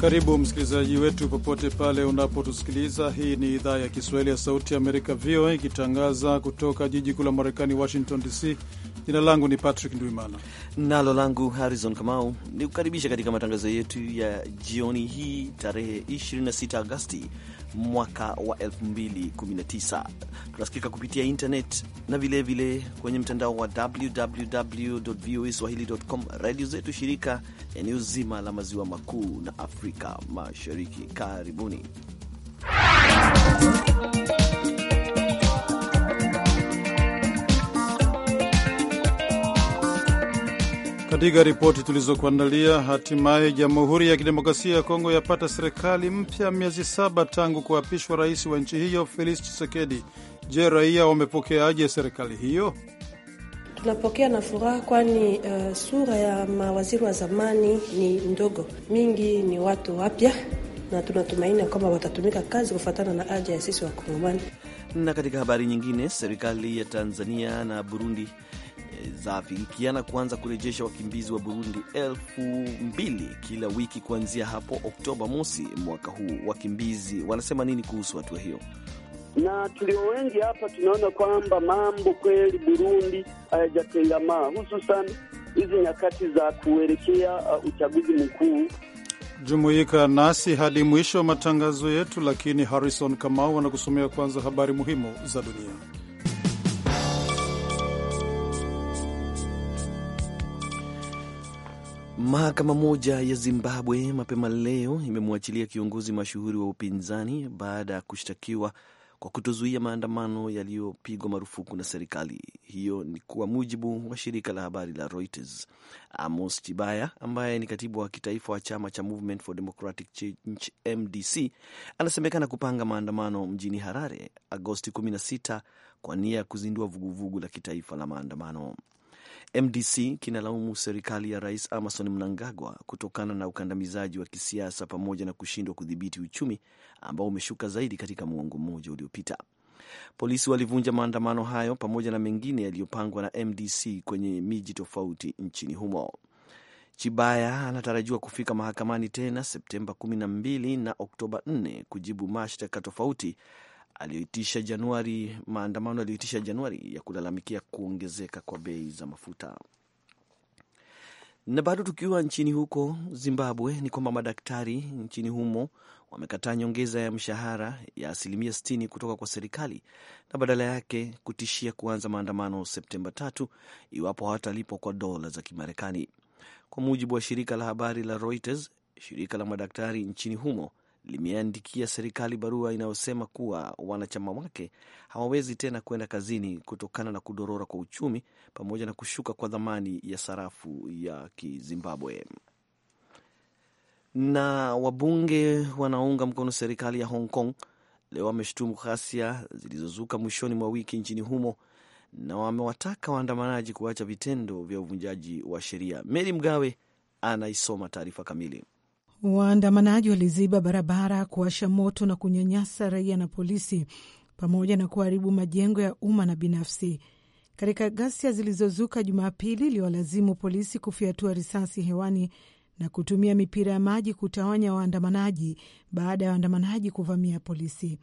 Karibu msikilizaji wetu popote pale unapotusikiliza. Hii ni idhaa ya Kiswahili ya Sauti ya Amerika, VOA, ikitangaza kutoka jiji kuu la Marekani, Washington DC. Jina langu ni Patrick Ndwimana nalo langu Harrison Kamau, ni kukaribisha katika matangazo yetu ya jioni hii tarehe 26 Agasti mwaka wa 2019. Tunasikika kupitia internet na vilevile vile kwenye mtandao wa www voa swahili.com, redio zetu shirika eneo zima la maziwa makuu na Afrika Mashariki. Karibuni Katika ripoti tulizokuandalia, hatimaye Jamhuri ya Kidemokrasia ya Kongo yapata serikali mpya miezi saba tangu kuapishwa rais wa nchi hiyo Felix Tshisekedi. Je, raia wamepokeaje serikali hiyo? Tunapokea na furaha, kwani uh, sura ya mawaziri wa zamani ni ndogo, mingi ni watu wapya, na tunatumaini kwamba watatumika kazi kufuatana na haja ya sisi Wakongomani. Na katika habari nyingine, serikali ya Tanzania na Burundi zaafikiana kuanza kurejesha wakimbizi wa Burundi elfu mbili kila wiki kuanzia hapo Oktoba mosi mwaka huu. Wakimbizi wanasema nini kuhusu hatua hiyo? na tulio wengi hapa tunaona kwamba mambo kweli Burundi hayajatengamaa, hususan hizi nyakati za kuelekea uh, uchaguzi mkuu. Jumuika nasi hadi mwisho wa matangazo yetu, lakini Harrison Kamau anakusomea kwanza habari muhimu za dunia. Mahakama moja ya Zimbabwe mapema leo imemwachilia kiongozi mashuhuri wa upinzani baada ya kushtakiwa kwa kutozuia maandamano yaliyopigwa marufuku na serikali. Hiyo ni kwa mujibu wa shirika la habari la Reuters. Amos Chibaya ambaye ni katibu wa kitaifa wa chama cha Movement for Democratic Change MDC anasemekana kupanga maandamano mjini Harare Agosti 16 kwa nia ya kuzindua vuguvugu la kitaifa la maandamano. MDC kinalaumu serikali ya Rais Emmerson Mnangagwa kutokana na ukandamizaji wa kisiasa pamoja na kushindwa kudhibiti uchumi ambao umeshuka zaidi katika muongo mmoja uliopita. Polisi walivunja maandamano hayo pamoja na mengine yaliyopangwa na MDC kwenye miji tofauti nchini humo. Chibaya anatarajiwa kufika mahakamani tena Septemba 12 na Oktoba 4 kujibu mashtaka tofauti aliyoitisha Januari, maandamano aliyoitisha Januari ya kulalamikia kuongezeka kwa bei za mafuta. Na bado tukiwa nchini huko Zimbabwe, ni kwamba madaktari nchini humo wamekataa nyongeza ya mshahara ya asilimia 60 kutoka kwa serikali na badala yake kutishia kuanza maandamano Septemba tatu iwapo hawatalipwa kwa dola za Kimarekani, kwa mujibu wa shirika la habari la Reuters. Shirika la madaktari nchini humo limeandikia serikali barua inayosema kuwa wanachama wake hawawezi tena kwenda kazini kutokana na kudorora kwa uchumi pamoja na kushuka kwa thamani ya sarafu ya Kizimbabwe. Na wabunge wanaounga mkono serikali ya Hong Kong leo wameshutumu ghasia zilizozuka mwishoni mwa wiki nchini humo na wamewataka waandamanaji kuacha vitendo vya uvunjaji wa sheria. Meri Mgawe anaisoma taarifa kamili. Waandamanaji waliziba barabara, kuwasha moto na kunyanyasa raia na polisi, pamoja na kuharibu majengo ya umma na binafsi katika ghasia zilizozuka Jumapili iliwalazimu polisi kufyatua risasi hewani na kutumia mipira ya maji kutawanya waandamanaji baada ya waandamanaji kuvamia polisi.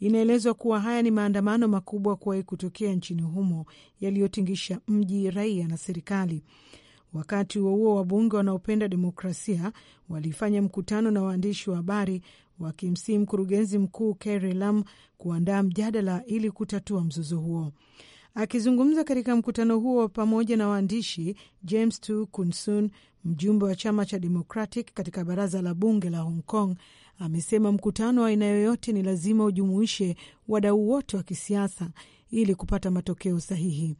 Inaelezwa kuwa haya ni maandamano makubwa kuwahi kutokea nchini humo yaliyotingisha mji, raia na serikali. Wakati huo huo, wabunge wanaopenda demokrasia walifanya mkutano na waandishi wa habari wakimsihi mkurugenzi mkuu Carrie Lam kuandaa mjadala ili kutatua mzozo huo. Akizungumza katika mkutano huo pamoja na waandishi, James Tu Kunsun, mjumbe wa chama cha Democratic katika baraza la bunge la Hong Kong, amesema mkutano wa aina yoyote ni lazima ujumuishe wadau wote wa kisiasa ili kupata matokeo sahihi.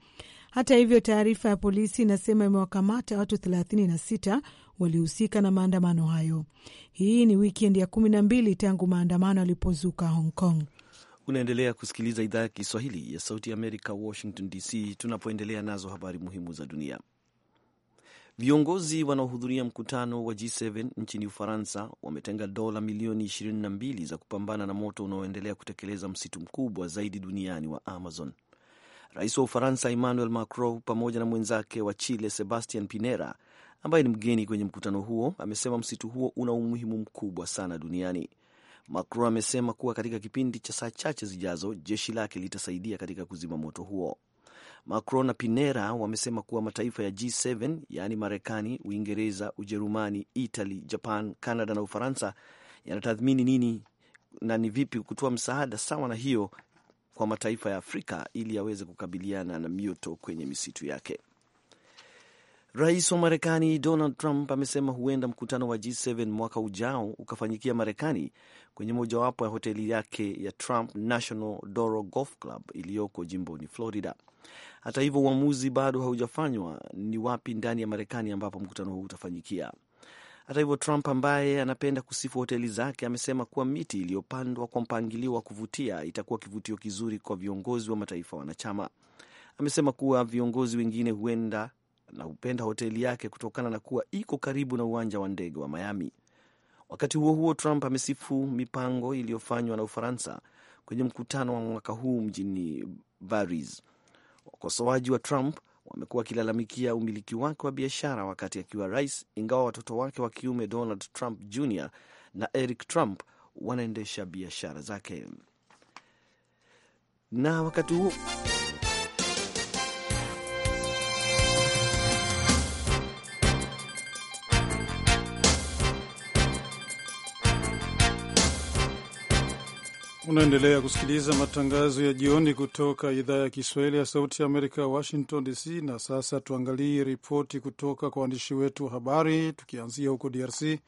Hata hivyo, taarifa ya polisi inasema imewakamata watu 36 walihusika na maandamano hayo. Hii ni wikendi ya kumi na mbili tangu maandamano yalipozuka Hong Kong. Unaendelea kusikiliza idhaa ya Kiswahili ya Sauti ya Amerika, Washington DC, tunapoendelea nazo habari muhimu za dunia. Viongozi wanaohudhuria mkutano wa G7 nchini Ufaransa wametenga dola milioni 22 za kupambana na moto unaoendelea kutekeleza msitu mkubwa zaidi duniani wa Amazon. Rais wa Ufaransa Emmanuel Macron pamoja na mwenzake wa Chile Sebastian Pinera ambaye ni mgeni kwenye mkutano huo amesema msitu huo una umuhimu mkubwa sana duniani. Macron amesema kuwa katika kipindi cha saa chache zijazo jeshi lake litasaidia katika kuzima moto huo. Macron na Pinera wamesema kuwa mataifa ya G7 yaani Marekani, Uingereza, Ujerumani, Italy, Japan, Canada na Ufaransa yanatathmini nini na ni vipi kutoa msaada sawa na hiyo kwa mataifa ya Afrika ili yaweze kukabiliana na mioto kwenye misitu yake. Rais wa Marekani Donald Trump amesema huenda mkutano wa G7 mwaka ujao ukafanyikia Marekani kwenye mojawapo ya hoteli yake ya Trump National Doro Golf Club iliyoko jimboni Florida. Hata hivyo, uamuzi bado haujafanywa ni wapi ndani ya Marekani ambapo mkutano huu utafanyikia. Hata hivyo, Trump ambaye anapenda kusifu hoteli zake amesema kuwa miti iliyopandwa kwa mpangilio wa kuvutia itakuwa kivutio kizuri kwa viongozi wa mataifa wanachama. Amesema kuwa viongozi wengine huenda na hupenda hoteli yake kutokana na kuwa iko karibu na uwanja wa ndege wa Miami. Wakati huo huo, Trump amesifu mipango iliyofanywa na Ufaransa kwenye mkutano wa mwaka huu mjini Paris. Wakosoaji wa Trump wamekuwa wakilalamikia umiliki wake wa biashara wakati akiwa rais, ingawa watoto wake wa kiume Donald Trump Jr na Eric Trump wanaendesha biashara zake na wakati huo Unaendelea kusikiliza matangazo ya jioni kutoka idhaa ya Kiswahili ya Sauti ya Amerika, Washington DC. Na sasa tuangalie ripoti kutoka kwa waandishi wetu wa habari, tukianzia huko DRC.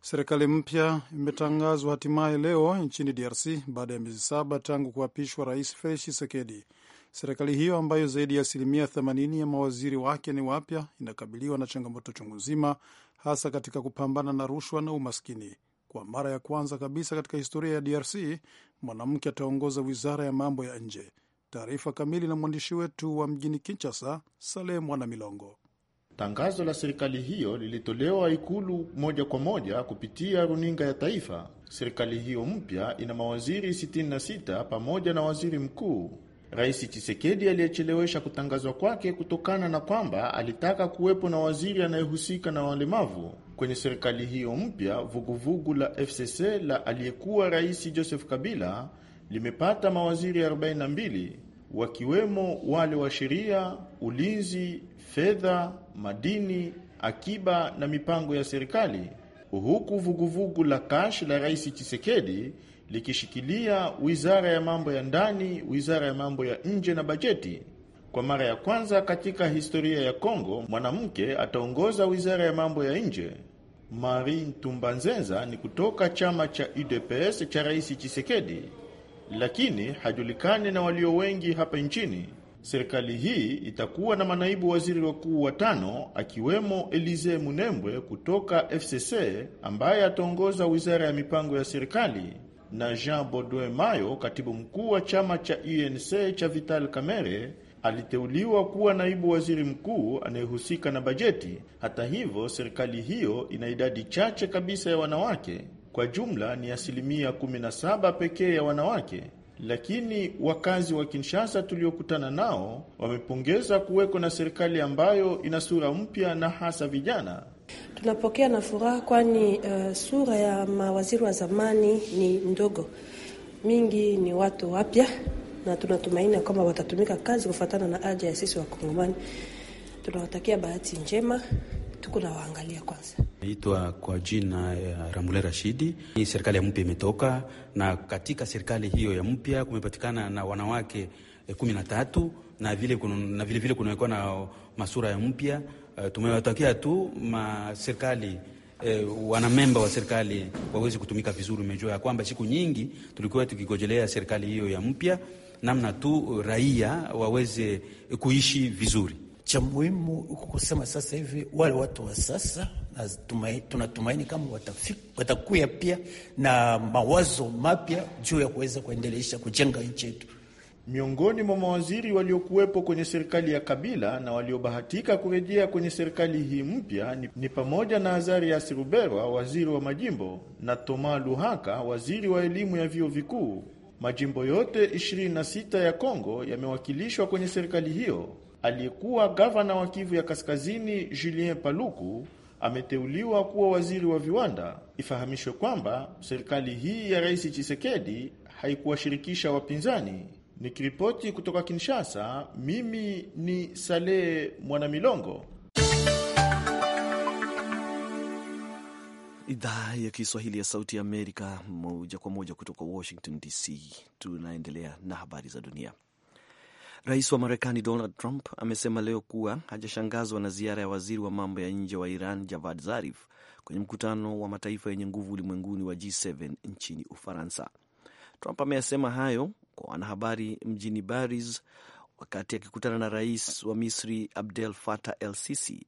Serikali mpya imetangazwa hatimaye leo nchini DRC baada ya miezi saba tangu kuapishwa Rais Felix Tshisekedi. Serikali hiyo ambayo zaidi ya asilimia 80 ya mawaziri wake ni wapya inakabiliwa na changamoto chungu nzima, hasa katika kupambana na rushwa na umaskini. Kwa mara ya kwanza kabisa katika historia ya DRC, mwanamke ataongoza wizara ya mambo ya nje. Taarifa kamili na mwandishi wetu wa mjini Kinshasa, Saleh Mwana Milongo. Tangazo la serikali hiyo lilitolewa ikulu moja kwa moja kupitia runinga ya taifa. Serikali hiyo mpya ina mawaziri 66 pamoja na waziri mkuu. Rais Chisekedi aliyechelewesha kutangazwa kwake kutokana na kwamba alitaka kuwepo na waziri anayehusika na walemavu kwenye serikali hiyo mpya, vuguvugu la FCC la aliyekuwa rais Joseph Kabila limepata mawaziri 42 wakiwemo wale wa sheria, ulinzi, fedha, madini, akiba na mipango ya serikali, huku vuguvugu la Kash la rais Chisekedi likishikilia wizara ya mambo ya ndani, wizara ya mambo ya nje na bajeti. Kwa mara ya kwanza katika historia ya Kongo, mwanamke ataongoza wizara ya mambo ya nje. Marie Ntumba Nzenza ni kutoka chama cha UDPS cha Rais Chisekedi, lakini hajulikani na walio wengi hapa nchini. Serikali hii itakuwa na manaibu waziri wakuu watano akiwemo Elize Munembwe kutoka FCC ambaye ataongoza wizara ya mipango ya serikali na Jean Baudouin Mayo, katibu mkuu wa chama cha UNC cha Vital Kamerhe aliteuliwa kuwa naibu waziri mkuu anayehusika na bajeti. Hata hivyo, serikali hiyo ina idadi chache kabisa ya wanawake. Kwa jumla ni asilimia 17 pekee ya wanawake, lakini wakazi wa Kinshasa tuliokutana nao wamepongeza kuweko na serikali ambayo ina sura mpya na hasa vijana. Tunapokea na furaha, kwani uh, sura ya mawaziri wa zamani ni ndogo, mingi ni watu wapya na tunatumaini kwamba watatumika kazi kufuatana na haja ya sisi Wakongomani. Tunawatakia bahati njema, tuko na waangalia kwanza. Naitwa kwa jina ya Ramule Rashidi. Hii serikali ya mpya imetoka, na katika serikali hiyo ya mpya kumepatikana na wanawake eh, kumi na tatu na vile na vile vile kunawekwa na masura ya mpya. Eh, tumewatakia tu ma serikali eh, wanamemba wa serikali waweze kutumika vizuri. Umejua ya kwamba siku nyingi tulikuwa tukigojelea serikali hiyo ya mpya, namna tu raia waweze kuishi vizuri. Cha muhimu kusema sasa hivi wale watu wa sasa tunatumaini kama watakuya pia na mawazo mapya juu ya kuweza kuendelesha kujenga nchi yetu. Miongoni mwa mawaziri waliokuwepo kwenye serikali ya Kabila na waliobahatika kurejea kwenye serikali hii mpya ni, ni pamoja na Azarias Ruberwa, waziri wa majimbo na Toma Luhaka, waziri wa elimu ya vyuo vikuu. Majimbo yote 26 ya Kongo yamewakilishwa kwenye serikali hiyo. Aliyekuwa gavana wa Kivu ya Kaskazini Julien Paluku ameteuliwa kuwa waziri wa viwanda. Ifahamishwe kwamba serikali hii ya Rais Chisekedi haikuwashirikisha wapinzani. Nikiripoti kutoka Kinshasa, mimi ni Saleh Mwanamilongo. Idhaa ya Kiswahili ya Sauti ya Amerika, moja kwa moja kutoka Washington DC. Tunaendelea na habari za dunia. Rais wa Marekani Donald Trump amesema leo kuwa hajashangazwa na ziara ya waziri wa mambo ya nje wa Iran Javad Zarif kwenye mkutano wa mataifa yenye nguvu ulimwenguni wa G7 nchini Ufaransa. Trump ameyasema hayo kwa wanahabari mjini Paris wakati akikutana na rais wa Misri Abdel Fattah El Sisi,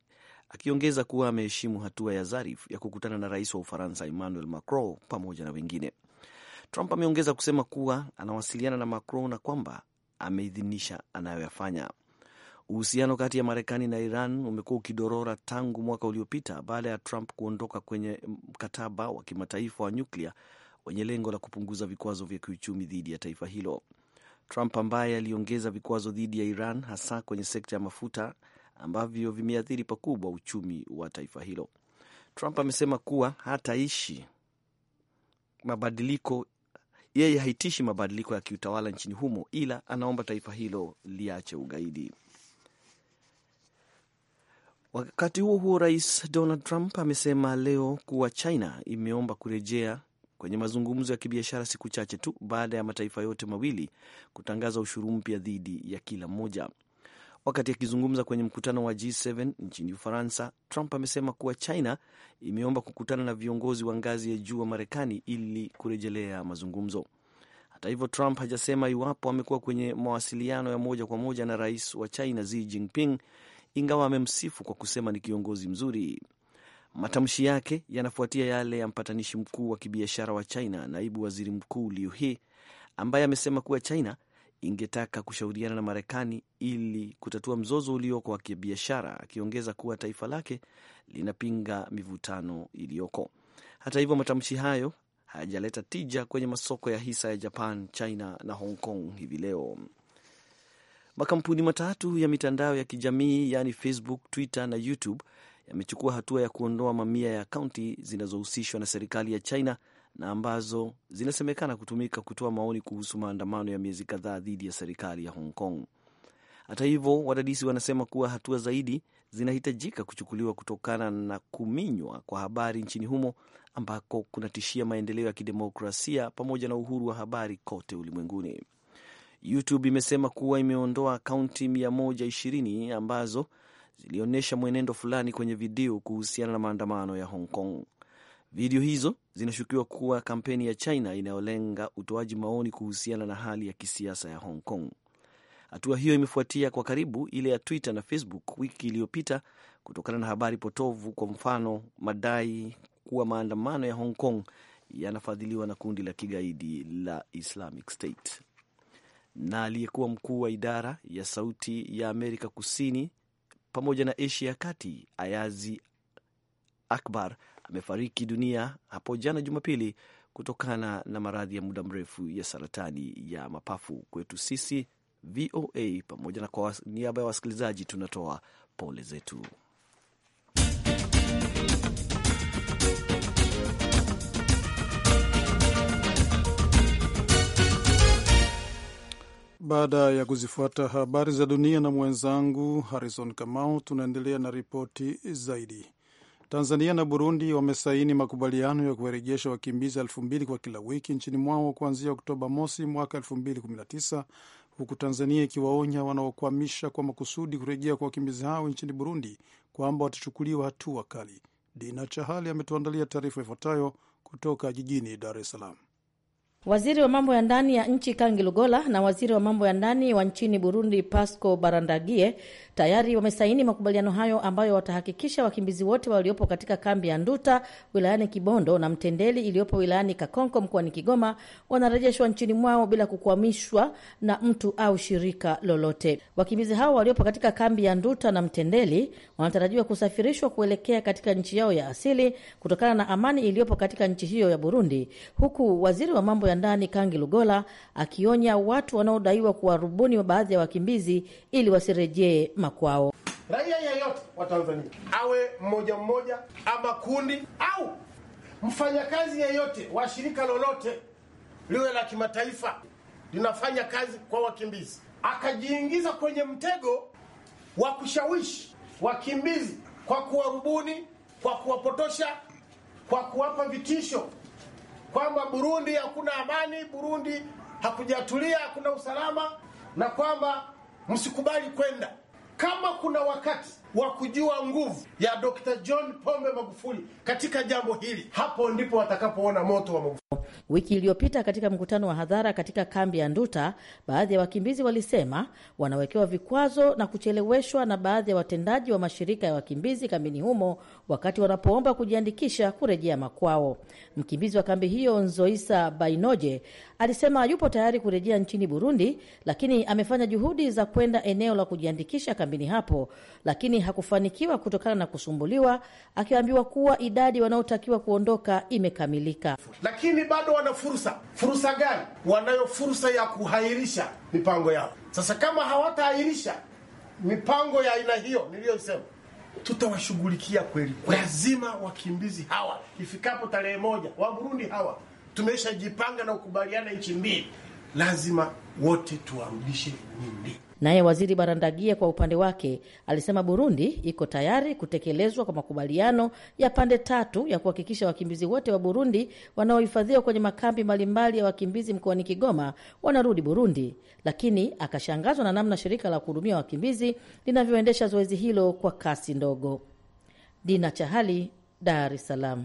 akiongeza kuwa ameheshimu hatua ya Zarif ya kukutana na rais wa Ufaransa Emmanuel Macron pamoja na wengine. Trump ameongeza kusema kuwa anawasiliana na Macron na kwamba ameidhinisha anayoyafanya. Uhusiano kati ya Marekani na Iran umekuwa ukidorora tangu mwaka uliopita baada ya Trump kuondoka kwenye mkataba wa kimataifa wa nyuklia wenye lengo la kupunguza vikwazo vya kiuchumi dhidi ya taifa hilo. Trump ambaye aliongeza vikwazo dhidi ya Iran hasa kwenye sekta ya mafuta ambavyo vimeathiri pakubwa uchumi wa taifa hilo. Trump amesema kuwa hataishi mabadiliko, yeye haitishi mabadiliko ya kiutawala nchini humo, ila anaomba taifa hilo liache ugaidi. Wakati huo huo, rais Donald Trump amesema leo kuwa China imeomba kurejea kwenye mazungumzo ya kibiashara siku chache tu baada ya mataifa yote mawili kutangaza ushuru mpya dhidi ya kila mmoja. Wakati akizungumza kwenye mkutano wa G7 nchini Ufaransa, Trump amesema kuwa China imeomba kukutana na viongozi wa ngazi ya juu wa Marekani ili kurejelea mazungumzo. Hata hivyo, Trump hajasema iwapo amekuwa kwenye mawasiliano ya moja kwa moja na rais wa China Xi Jinping, ingawa amemsifu kwa kusema ni kiongozi mzuri Matamshi yake yanafuatia yale ya mpatanishi mkuu wa kibiashara wa China, naibu waziri mkuu Liu He, ambaye amesema kuwa China ingetaka kushauriana na Marekani ili kutatua mzozo ulioko wa kibiashara, akiongeza kuwa taifa lake linapinga mivutano iliyoko. Hata hivyo, matamshi hayo hayajaleta tija kwenye masoko ya hisa ya Japan, China na Hong Kong hivi leo. Makampuni matatu ya mitandao ya kijamii yaani Facebook, Twitter na YouTube yamechukua hatua ya kuondoa mamia ya kaunti zinazohusishwa na serikali ya China na ambazo zinasemekana kutumika kutoa maoni kuhusu maandamano ya miezi kadhaa dhidi ya serikali ya Hong Kong. Hata hivyo, wadadisi wanasema kuwa hatua zaidi zinahitajika kuchukuliwa kutokana na kuminywa kwa habari nchini humo ambako kunatishia maendeleo ya kidemokrasia pamoja na uhuru wa habari kote ulimwenguni. YouTube imesema kuwa imeondoa akaunti 120 ambazo zilionyesha mwenendo fulani kwenye video kuhusiana na maandamano ya Hong Kong. Video hizo zinashukiwa kuwa kampeni ya China inayolenga utoaji maoni kuhusiana na hali ya kisiasa ya Hong Kong. Hatua hiyo imefuatia kwa karibu ile ya Twitter na Facebook wiki iliyopita kutokana na habari potovu, kwa mfano madai kuwa maandamano ya Hong Kong yanafadhiliwa na kundi la kigaidi la Islamic State. Na aliyekuwa mkuu wa idara ya Sauti ya Amerika Kusini pamoja na Asia ya Kati, Ayazi Akbar amefariki dunia hapo jana Jumapili kutokana na maradhi ya muda mrefu ya saratani ya mapafu. Kwetu sisi VOA pamoja na kwa niaba ya wasikilizaji tunatoa pole zetu. Baada ya kuzifuata habari za dunia na mwenzangu Harrison Kamau, tunaendelea na ripoti zaidi. Tanzania na Burundi wamesaini makubaliano ya kuwarejesha wakimbizi elfu mbili kwa kila wiki nchini mwao kuanzia Oktoba mosi mwaka tisa huku Tanzania ikiwaonya wanaokwamisha kwa makusudi kurejea kwa wakimbizi hao nchini Burundi kwamba watachukuliwa hatua kali. Dina Chahali ametuandalia taarifa ifuatayo kutoka jijini Dar es Salaam. Waziri wa mambo ya ndani ya nchi Kangi Lugola na waziri wa mambo ya ndani wa nchini Burundi Pasco Barandagie tayari wamesaini makubaliano hayo ambayo watahakikisha wakimbizi wote waliopo katika kambi ya Nduta wilayani Kibondo na Mtendeli iliyopo wilayani Kakonko mkoani Kigoma wanarejeshwa nchini mwao bila kukwamishwa na mtu au shirika lolote. Wakimbizi hao waliopo katika kambi ya Nduta na Mtendeli wanatarajiwa kusafirishwa kuelekea katika nchi yao ya asili kutokana na amani iliyopo katika nchi hiyo ya Burundi, huku waziri wa mambo ya ya ndani Kangi Lugola akionya watu wanaodaiwa kuwarubuni baadhi ya wakimbizi ili wasirejee makwao. Raia yeyote wa Tanzania awe mmoja mmoja, ama kundi au mfanyakazi yeyote wa shirika lolote liwe la kimataifa linafanya kazi kwa wakimbizi, akajiingiza kwenye mtego wa kushawishi wakimbizi kwa kuwarubuni, kwa kuwapotosha, kwa kuwapa vitisho kwamba Burundi hakuna amani, Burundi hakujatulia, hakuna usalama, na kwamba msikubali kwenda. Kama kuna wakati wa kujua nguvu ya Dr. John Pombe Magufuli katika jambo hili, hapo ndipo watakapoona moto wa Magufuli. Wiki iliyopita katika mkutano wa hadhara katika kambi ya Nduta, baadhi ya wakimbizi walisema wanawekewa vikwazo na kucheleweshwa na baadhi ya watendaji wa mashirika ya wakimbizi kambini humo wakati wanapoomba kujiandikisha kurejea makwao. Mkimbizi wa kambi hiyo Nzoisa Bainoje alisema yupo tayari kurejea nchini Burundi, lakini amefanya juhudi za kwenda eneo la kujiandikisha kambini hapo, lakini hakufanikiwa kutokana na kusumbuliwa, akiambiwa kuwa idadi wanaotakiwa kuondoka imekamilika. Lakini bado wana fursa. Fursa gani? Wanayo fursa ya kuhairisha mipango yao. Sasa kama hawataahirisha mipango ya aina hiyo niliyosema tutawashughulikia kweli. Lazima wakimbizi hawa ifikapo tarehe moja, Waburundi hawa tumeshajipanga na kukubaliana nchi mbili, lazima wote tuwarudishe Burundi. Naye waziri Barandagia kwa upande wake alisema Burundi iko tayari kutekelezwa kwa makubaliano ya pande tatu ya kuhakikisha wakimbizi wote wa Burundi wanaohifadhiwa kwenye makambi mbalimbali ya wakimbizi mkoani Kigoma wanarudi Burundi, lakini akashangazwa na namna shirika la kuhudumia wakimbizi linavyoendesha zoezi hilo kwa kasi ndogo. Dina Chahali, Dar es Salaam.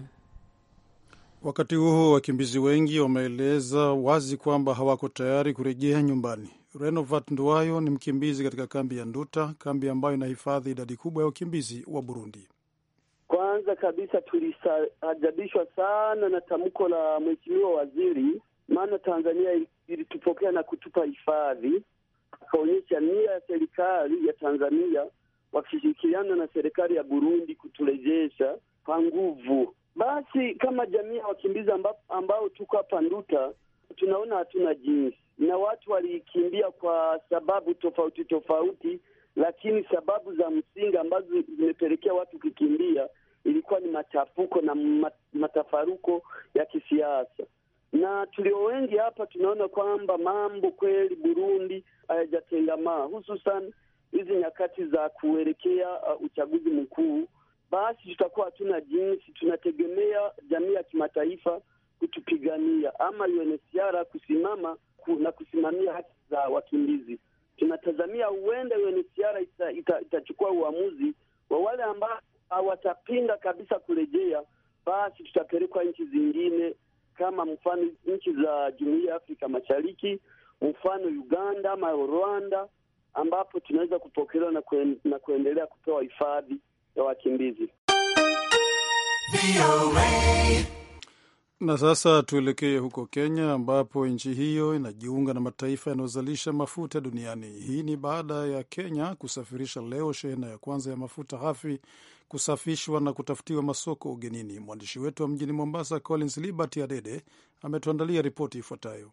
Wakati huo wakimbizi wengi wameeleza wazi kwamba hawako tayari kurejea nyumbani. Renovat Nduwayo ni mkimbizi katika kambi ya Nduta, kambi ambayo inahifadhi idadi kubwa ya wakimbizi wa Burundi. Kwanza kabisa tulistaajabishwa sana na tamko la mheshimiwa waziri, maana Tanzania ilitupokea na kutupa hifadhi, akaonyesha nia ya serikali ya Tanzania wakishirikiana na serikali ya Burundi kuturejesha kwa nguvu. Basi kama jamii ya wakimbizi ambao tuko hapa Nduta tunaona hatuna jinsi, na watu walikimbia kwa sababu tofauti tofauti, lakini sababu za msingi ambazo zimepelekea watu kukimbia ilikuwa ni machafuko na matafaruko ya kisiasa na tulio wengi hapa tunaona kwamba mambo kweli Burundi hayajatengamaa, hususan hizi nyakati za kuelekea uh, uchaguzi mkuu. Basi tutakuwa hatuna jinsi, tunategemea jamii ya kimataifa kutupigania ama UNHCR kusimama na kusimamia haki za wakimbizi. Tunatazamia huenda UNHCR itachukua ita, ita uamuzi wa wale ambao hawatapinga kabisa kurejea, basi tutapelekwa nchi zingine kama mfano nchi za Jumuiya ya Afrika Mashariki, mfano Uganda ama Rwanda, ambapo tunaweza kupokelewa na, kuen, na kuendelea kupewa hifadhi ya wakimbizi. Na sasa tuelekee huko Kenya, ambapo nchi hiyo inajiunga na mataifa yanayozalisha mafuta duniani. Hii ni baada ya Kenya kusafirisha leo shehena ya kwanza ya mafuta ghafi kusafishwa na kutafutiwa masoko ugenini. Mwandishi wetu wa mjini Mombasa, Collins Liberty Adede, ametuandalia ripoti ifuatayo.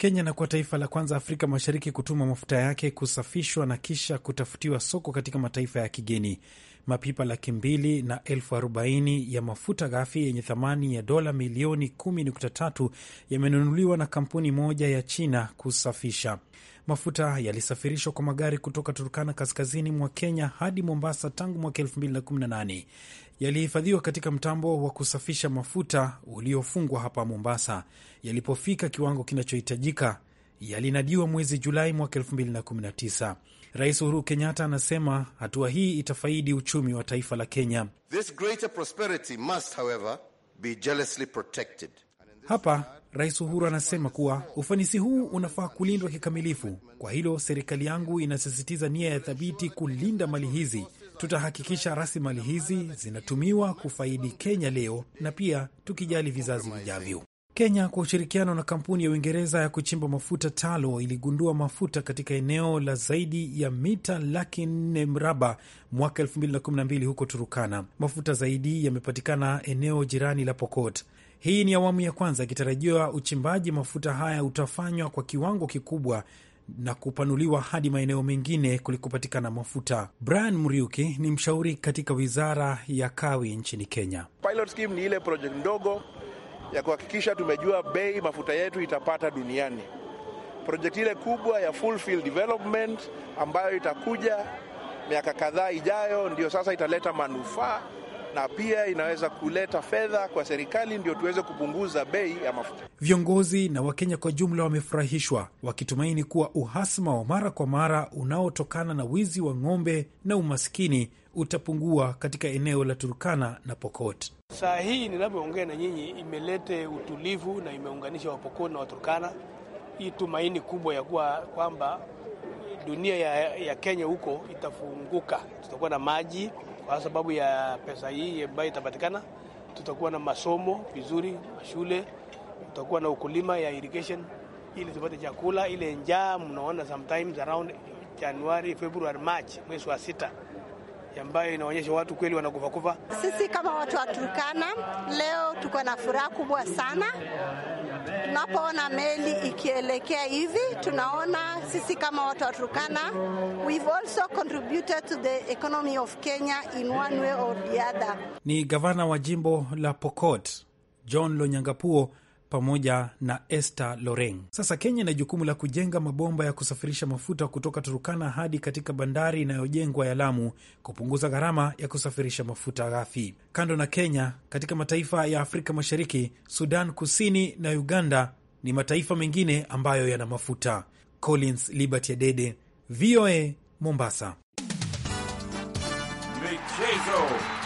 Kenya inakuwa taifa la kwanza Afrika Mashariki kutuma mafuta yake kusafishwa na kisha kutafutiwa soko katika mataifa ya kigeni. Mapipa laki mbili na elfu arobaini ya mafuta ghafi yenye thamani ya dola milioni kumi nukta tatu yamenunuliwa na kampuni moja ya China kusafisha mafuta. Yalisafirishwa kwa magari kutoka Turkana, kaskazini mwa Kenya, hadi Mombasa tangu mwaka elfu yalihifadhiwa katika mtambo wa kusafisha mafuta uliofungwa hapa Mombasa. Yalipofika kiwango kinachohitajika, yalinadiwa mwezi Julai mwaka 2019. Rais Uhuru Kenyatta anasema hatua hii itafaidi uchumi wa taifa la Kenya. This greater prosperity must however be jealously protected. Hapa Rais Uhuru anasema kuwa ufanisi huu unafaa kulindwa kikamilifu. Kwa hilo, serikali yangu inasisitiza nia ya thabiti kulinda mali hizi tutahakikisha rasilimali hizi zinatumiwa kufaidi Kenya leo na pia tukijali vizazi vijavyo. Kenya kwa ushirikiano na kampuni ya Uingereza ya kuchimba mafuta Talo iligundua mafuta katika eneo la zaidi ya mita laki nne mraba mwaka 2012 huko Turukana. Mafuta zaidi yamepatikana eneo jirani la Pokot. Hii ni awamu ya kwanza, ikitarajiwa uchimbaji mafuta haya utafanywa kwa kiwango kikubwa na kupanuliwa hadi maeneo mengine kulikopatikana mafuta. Brian Muriuki ni mshauri katika wizara ya kawi nchini Kenya. Pilot scheme ni ile project ndogo ya kuhakikisha tumejua bei mafuta yetu itapata duniani. projekt ile kubwa ya full field development ambayo itakuja miaka kadhaa ijayo, ndiyo sasa italeta manufaa na pia inaweza kuleta fedha kwa serikali ndio tuweze kupunguza bei ya mafuta. Viongozi na Wakenya kwa jumla wamefurahishwa, wakitumaini kuwa uhasama wa mara kwa mara unaotokana na wizi wa ng'ombe na umaskini utapungua katika eneo la Turkana na Pokot. Saa hii ninavyoongea na nyinyi, imelete utulivu na imeunganisha Wapokot na Waturkana. Hii tumaini kubwa ya kuwa kwamba dunia ya, ya Kenya huko itafunguka, tutakuwa na maji kwa sababu ya pesa hii ambayo itapatikana, tutakuwa na masomo vizuri, mashule, tutakuwa na ukulima ya irrigation ili tupate chakula. Ile njaa mnaona sometimes around Januari, February, March, mwezi wa sita ambayo inaonyesha watu kweli wanakufa kufa. Sisi kama watu wa Turkana leo tuko na furaha kubwa sana tunapoona meli ikielekea hivi, tunaona sisi kama watu wa Turkana, we've also contributed to the economy of Kenya in one way or the other. Ni gavana wa jimbo la Pokot John Lonyangapuo pamoja na Esther loren Sasa Kenya ina jukumu la kujenga mabomba ya kusafirisha mafuta kutoka Turukana hadi katika bandari inayojengwa ya Lamu, kupunguza gharama ya kusafirisha mafuta ghafi. Kando na Kenya, katika mataifa ya Afrika Mashariki, Sudan Kusini na Uganda ni mataifa mengine ambayo yana mafuta. Collins Liberty Adede, VOA Mombasa. Michezo.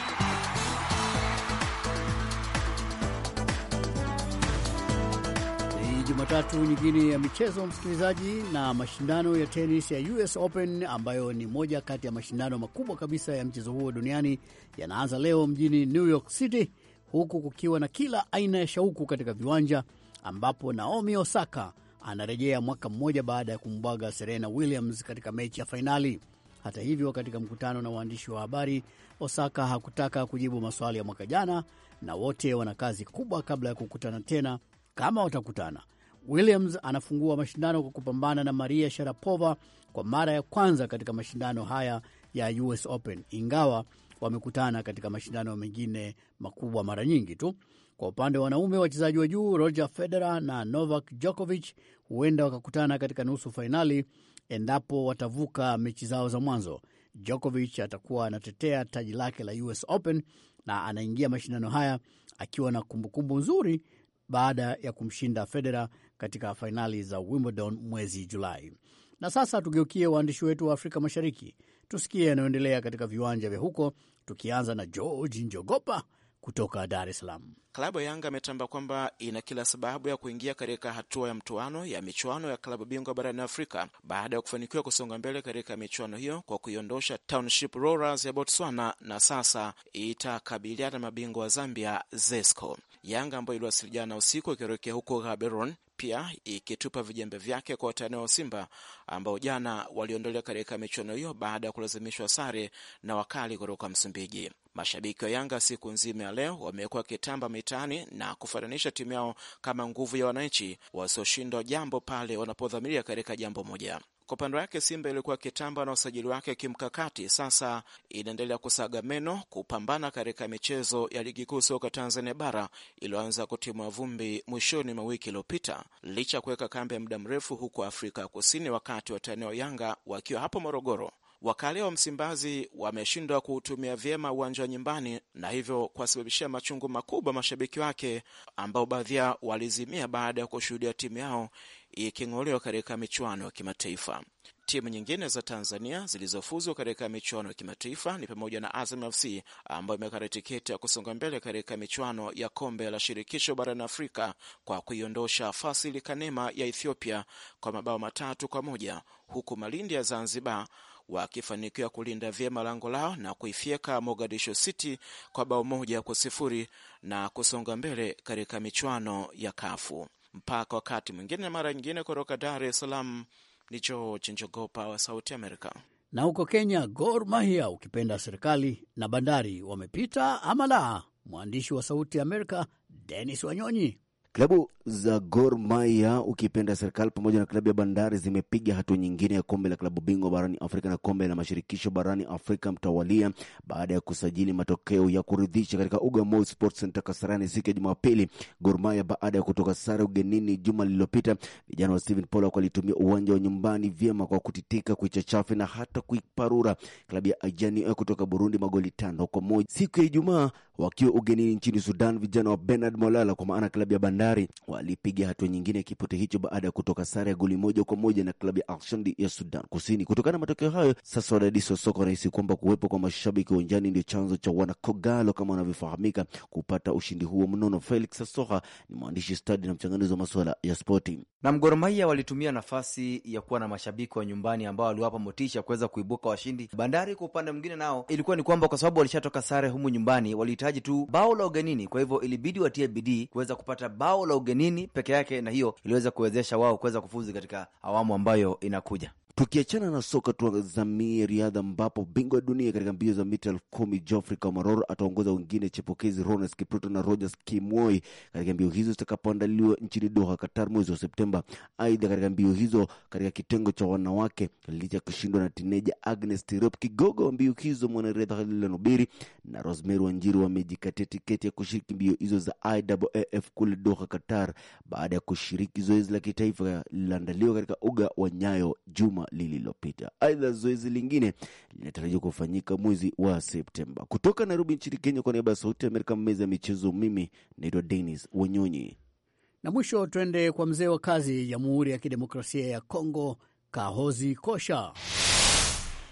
Jumatatu nyingine ya michezo msikilizaji, na mashindano ya tenis ya US Open ambayo ni moja kati ya mashindano makubwa kabisa ya mchezo huo duniani yanaanza leo mjini New York City, huku kukiwa na kila aina ya shauku katika viwanja, ambapo Naomi Osaka anarejea mwaka mmoja baada ya kumbwaga Serena Williams katika mechi ya fainali. Hata hivyo, katika mkutano na waandishi wa habari, Osaka hakutaka kujibu maswali ya mwaka jana, na wote wana kazi kubwa kabla ya kukutana tena, kama watakutana Williams anafungua mashindano kwa kupambana na Maria Sharapova kwa mara ya kwanza katika mashindano haya ya US Open, ingawa wamekutana katika mashindano mengine makubwa mara nyingi tu. Kwa upande wa wanaume, wachezaji wa juu Roger Federer na Novak Djokovic huenda wakakutana katika nusu fainali endapo watavuka mechi zao za mwanzo. Djokovic atakuwa anatetea taji lake la US Open na anaingia mashindano haya akiwa na kumbukumbu nzuri baada ya kumshinda Federer katika fainali za Wimbledon mwezi Julai. Na sasa tugeukie waandishi wetu wa Afrika Mashariki, tusikie yanayoendelea katika viwanja vya huko, tukianza na George Njogopa kutoka Dar es Salaam. Klabu ya Yanga ametamba kwamba ina kila sababu ya kuingia katika hatua ya mtoano ya michuano ya klabu bingwa barani Afrika baada ya kufanikiwa kusonga mbele katika michuano hiyo kwa kuiondosha Township Rollers ya Botswana, na sasa itakabiliana na mabingwa wa Zambia, ZESCO. Yanga ambayo iliwasili jana usiku ikielekea huko Gaborone pia ikitupa vijembe vyake kwa watani wa Simba ambao jana waliondolewa katika michuano hiyo baada ya kulazimishwa sare na wakali kutoka Msumbiji. Mashabiki wa Yanga siku nzima ya leo wamekuwa wakitamba mitaani na kufananisha timu yao kama nguvu ya wananchi wasioshindwa jambo pale wanapodhamiria katika jambo moja. Kwa upande wake Simba ilikuwa kitamba na usajili wake kimkakati, sasa inaendelea kusaga meno kupambana katika michezo ya ligi kuu soka Tanzania bara iliyoanza kutimwa vumbi mwishoni mwa wiki iliyopita, licha ya kuweka kambi ya muda mrefu huko Afrika Kusini, wakati watani wa Yanga wakiwa hapo Morogoro Wakali wa Msimbazi wameshindwa kuutumia vyema uwanja wa nyumbani na hivyo kuwasababishia machungu makubwa mashabiki wake ambao baadhi yao walizimia baada ya kushuhudia timu yao iking'olewa katika michuano ya kimataifa. Timu nyingine za Tanzania zilizofuzwa katika michuano ya kimataifa ni pamoja na Azam FC ambayo imekata tiketi ya kusonga mbele katika michuano ya kombe la shirikisho barani Afrika kwa kuiondosha Fasili Kanema ya Ethiopia kwa mabao matatu kwa moja, huku Malindi ya Zanzibar wakifanikiwa kulinda vyema lango lao na kuifyeka mogadisho City kwa bao moja kwa sifuri na kusonga mbele katika michuano ya Kafu. Mpaka wakati mwingine, mara nyingine, kutoka Dar es Salaam ni George Njogopa wa Sauti Amerika. Na huko Kenya, Gor Mahia ukipenda serikali na Bandari wamepita ama la? Mwandishi wa Sauti Amerika Denis Wanyonyi Klabu za Gor Mahia, ukipenda serikali, pamoja na klabu ya Bandari zimepiga hatua nyingine ya kombe la klabu bingwa barani Afrika na kombe la mashirikisho barani Afrika mtawalia baada ya kusajili matokeo ya kuridhisha katika uga Moi Sports Center Kasarani siku ya Jumapili. Gor Mahia baada ya kutoka sare ugenini juma lililopita, vijana wa Steven Pollock walitumia uwanja wa nyumbani vyema kwa kutitika, kuichachafi na hata kuiparura klabu ya Ajani kutoka Burundi magoli tano kwa moja siku ya Ijumaa Wakiwa ugenini nchini Sudan, vijana wa Bernard Molala kwa maana klabu ya Bandari walipiga hatua nyingine ya kipote hicho baada ya kutoka sare ya goli moja kwa moja na klabu ya Alshandi ya Sudan Kusini. Kutokana na matokeo hayo, sasa wadadisi wa soka wanahisi kwamba kuwepo kwa mashabiki uwanjani ndio chanzo cha wanakogalo kama wanavyofahamika kupata ushindi huo mnono. Felix asoha ni mwandishi stadi na mchanganuzi wa masuala ya spoti. Na Gor Mahia walitumia nafasi ya kuwa na mashabiki wa nyumbani ambao waliwapa motisha kuweza kuibuka washindi. Bandari kwa upande mwingine nao ilikuwa ni kwamba kwa sababu walishatoka sare humu nyumbani walita wanahitaji tu bao la ugenini, kwa hivyo ilibidi watie bidii kuweza kupata bao la ugenini peke yake, na hiyo iliweza kuwezesha wao kuweza kufuzi katika awamu ambayo inakuja. Tukiachana na soka, tuazamie riadha, ambapo bingwa dunia katika mbio za mita elfu kumi Geoffrey Kamworor ataongoza wengine chepokezi Ronas Kipruto na Rogers Kimoi katika mbio hizo zitakapoandaliwa nchini Doha, Qatar, mwezi wa Septemba. Aidha, katika mbio hizo katika kitengo cha wanawake, licha kushindwa na tineja Agnes Tirop, kigogo wa mbio hizo mwanariadha Khalila Nobiri na Rosemary Wanjiru wamejikatia tiketi ya kushiriki mbio hizo za IAAF kule Doha, Qatar, baada ya kushiriki zoezi la kitaifa liloandaliwa katika uga wa Nyayo juma lililopita. Aidha, zoezi lingine linatarajiwa kufanyika mwezi wa Septemba. Kutoka Nairobi nchini Kenya, kwa niaba ya Sauti ya Amerika, meza ya michezo, mimi naitwa Denis Wanyonyi. Na mwisho twende kwa mzee wa kazi, Jamhuri ya, ya Kidemokrasia ya Kongo, Kahozi Kosha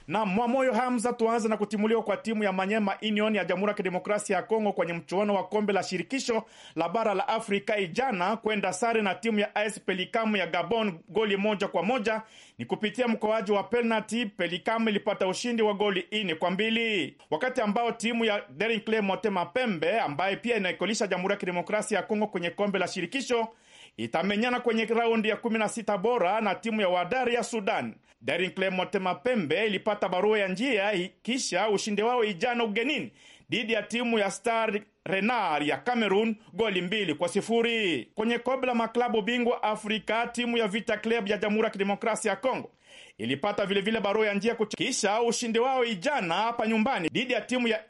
na Mwamoyo Hamza. Tuanze na kutimuliwa kwa timu ya Manyema Union ya Jamhuri ya Kidemokrasia ya Kongo kwenye mchuano wa kombe la shirikisho la bara la Afrika ijana kwenda sare na timu ya AS pelicam ya Gabon goli moja kwa moja. Ni kupitia mkoaji wa penalti, pelicam ilipata ushindi wa goli nne kwa mbili, wakati ambao timu ya Daring Club Motema Pembe ambaye pia inaikolisha Jamhuri ya Kidemokrasia ya Kongo kwenye kombe la shirikisho itamenyana kwenye raundi ya 16 bora na timu ya Wadari ya Sudan. Derinkle Motema Mapembe ilipata barua ya njia kisha ushindi wao ijana ugenini dhidi ya timu ya Star Renard ya Cameroon goli mbili kwa sifuri. Kwenye kombe la maklabu bingwa Afrika, timu ya Vita Club ya Jamhuri ya Kidemokrasia ya Kongo ilipata vilevile barua ya njia kuchia, kisha ushindi wao ijana hapa nyumbani dhidi ya timu ya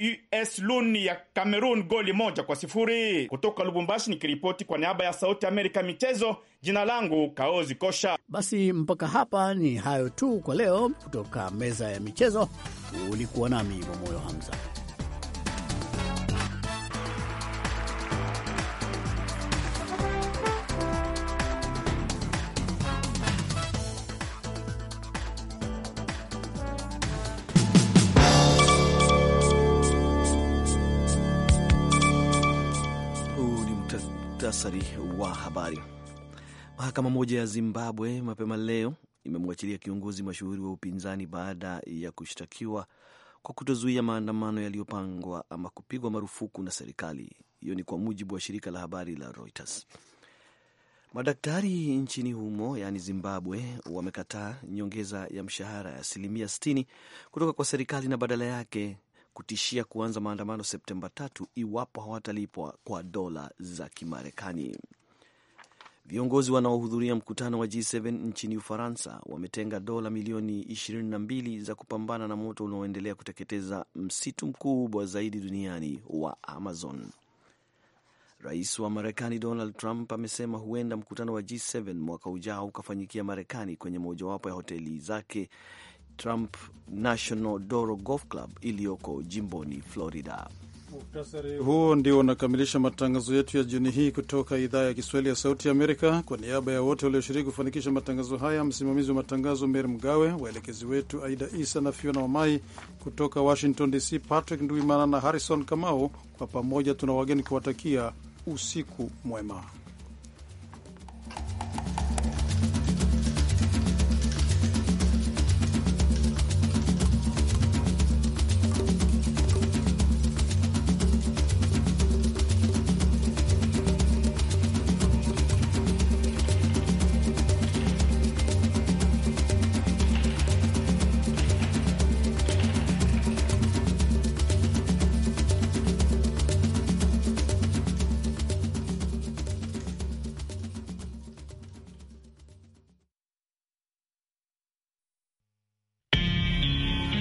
US Luni ya Cameroon goli moja kwa sifuri. Kutoka Lubumbashi nikiripoti kwa niaba ya Sauti Amerika michezo, jina langu Kaozi Kosha. Basi mpaka hapa ni hayo tu kwa leo, kutoka meza ya michezo ulikuwa nami Momoyo Hamza. muktasari wa habari. Mahakama moja ya Zimbabwe mapema leo imemwachilia kiongozi mashuhuri wa upinzani baada ya kushtakiwa kwa kutozuia maandamano yaliyopangwa ama kupigwa marufuku na serikali. Hiyo ni kwa mujibu wa shirika la habari la Reuters. Madaktari nchini humo yaani Zimbabwe wamekataa nyongeza ya mshahara ya asilimia 60 kutoka kwa serikali na badala yake kutishia kuanza maandamano Septemba tatu iwapo hawatalipwa kwa dola za Kimarekani. Viongozi wanaohudhuria mkutano wa G7 nchini Ufaransa wametenga dola milioni 22 za kupambana na moto unaoendelea kuteketeza msitu mkubwa zaidi duniani wa Amazon. Rais wa Marekani Donald Trump amesema huenda mkutano wa G7 mwaka ujao ukafanyikia Marekani kwenye mojawapo ya hoteli zake Trump National Doro Golf Club iliyoko jimboni Florida. Huo ndio unakamilisha matangazo yetu ya jioni hii kutoka idhaa ya Kiswahili ya Sauti Amerika. Kwa niaba ya wote walioshiriki kufanikisha matangazo haya, msimamizi wa matangazo Meri Mgawe, waelekezi wetu Aida Isa na Fiona Wamai, kutoka Washington DC Patrick Nduimana na Harrison Kamau, kwa pamoja tuna wageni kuwatakia usiku mwema.